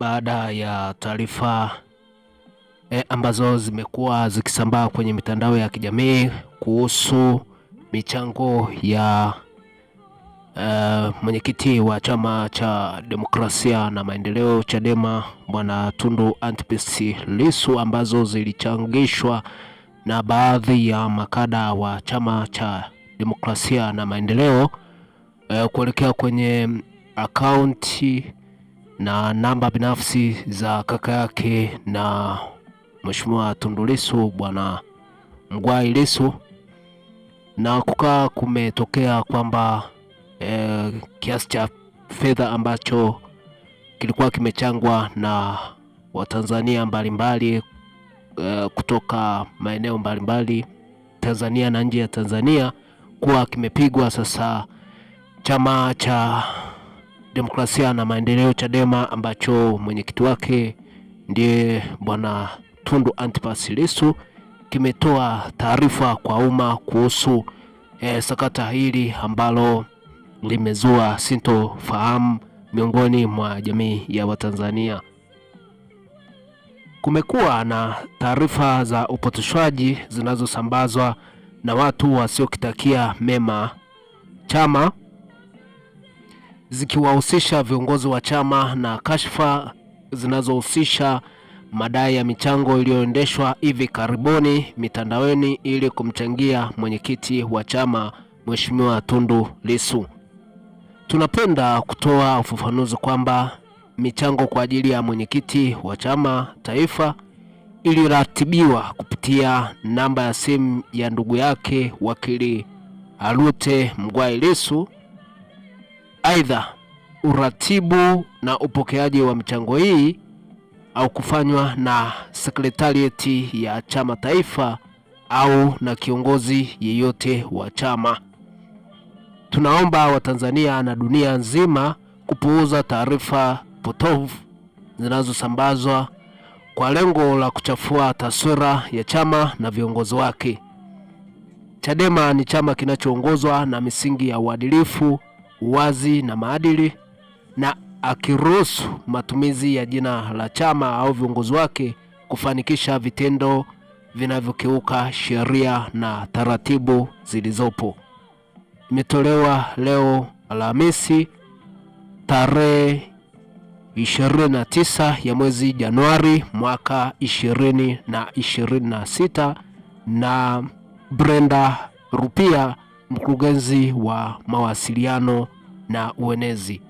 baada ya taarifa e, ambazo zimekuwa zikisambaa kwenye mitandao ya kijamii kuhusu michango ya Uh, mwenyekiti wa Chama cha Demokrasia na Maendeleo Chadema Bwana Tundu Antipas Lissu ambazo zilichangishwa na baadhi ya makada wa Chama cha Demokrasia na Maendeleo uh, kuelekea kwenye akaunti na namba binafsi za kaka yake na Mheshimiwa Tundu Lissu, bwana Mgwai Lissu, na kukaa kumetokea kwamba e, kiasi cha fedha ambacho kilikuwa kimechangwa na Watanzania mbalimbali e, kutoka maeneo mbalimbali Tanzania na nje ya Tanzania kuwa kimepigwa sasa chama cha Demokrasia na Maendeleo Chadema ambacho mwenyekiti wake ndiye bwana Tundu Antipas Lissu kimetoa taarifa kwa umma kuhusu eh, sakata hili ambalo limezua sintofahamu miongoni mwa jamii ya Watanzania. Kumekuwa na taarifa za upotoshwaji zinazosambazwa na watu wasiokitakia mema chama zikiwahusisha viongozi wa chama na kashfa zinazohusisha madai ya michango iliyoendeshwa hivi karibuni mitandaoni ili kumchangia mwenyekiti wa chama Mheshimiwa Tundu Lissu. Tunapenda kutoa ufafanuzi kwamba michango kwa ajili ya mwenyekiti wa chama taifa iliratibiwa kupitia namba ya simu ya ndugu yake wakili Alute Mgwai Lissu Aidha, uratibu na upokeaji wa michango hii au kufanywa na sekretarieti ya chama taifa au na kiongozi yeyote wa chama. Tunaomba Watanzania na dunia nzima kupuuza taarifa potovu zinazosambazwa kwa lengo la kuchafua taswira ya chama na viongozi wake. Chadema ni chama kinachoongozwa na misingi ya uadilifu uwazi na maadili na akiruhusu matumizi ya jina la chama au viongozi wake kufanikisha vitendo vinavyokiuka sheria na taratibu zilizopo. Imetolewa leo Alhamisi tarehe 29 ya mwezi Januari mwaka 2026 na Brenda Rupia mkurugenzi wa mawasiliano na uenezi.